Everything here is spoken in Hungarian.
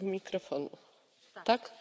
mikrofonu tak?